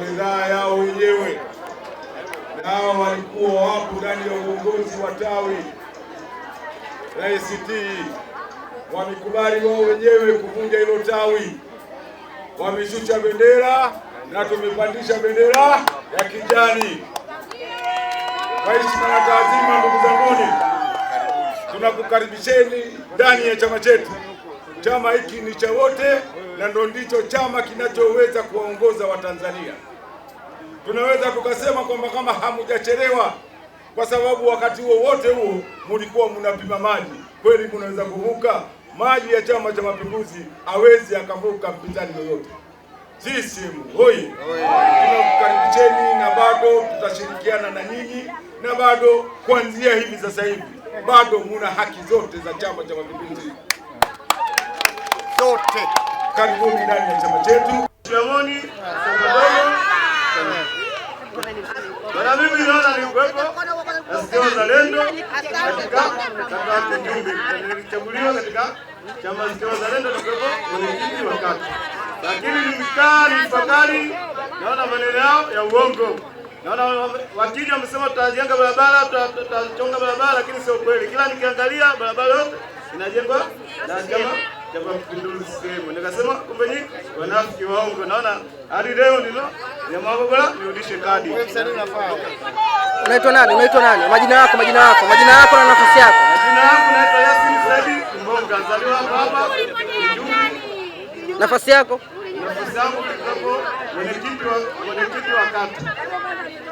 ridhaa yao wenyewe, nao walikuwa wapo ndani ya uongozi wa tawi la ACT. Wamekubali wao wenyewe kuvunja hilo tawi, wameshusha bendera na tumepandisha bendera ya kijani. Kwa heshima na taadhima, ndugu zanguni, tunakukaribisheni ndani ya chama chetu. Chama hiki ni cha wote na ndo ndicho chama kinachoweza kuwaongoza Watanzania tunaweza tukasema kwamba kama hamujachelewa, kwa sababu wakati huo wote huo mulikuwa mnapima maji. Kweli mnaweza kuvuka maji ya Chama cha Mapinduzi? Hawezi akavuka mpinzani yoyote. Sisiemu hoi, tunakukaribisheni na bado tutashirikiana na nyinyi, na bado kuanzia hivi sasa hivi bado muna haki zote za Chama cha Mapinduzi zote. Karibuni ndani ya chama chetu Shimoni. na sisi wazalendo nilichaguliwa katika chama cha wazalendo mwenyekiti wa kata, lakini ni nilifakari, naona maneno yao ya uongo. Naona wakija wamesema tutajenga barabara, tutachonga barabara, lakini sio kweli. Kila nikiangalia barabara yote inajengwa na chama Chama Mapinduzi sehemu. Nikasema kumbe ni wanafiki waongo. Naona hadi leo nilo jamaa nirudishe kadi. Unaitwa nani? Unaitwa nani? Majina yako, majina yako, majina yako na nafasi yako. Majina yangu naitwa Yasin Saidi Mbonga, mzaliwa hapa. Nafasi yako? Nafasi yangu ni mwenyekiti wa mwenyekiti wa kata.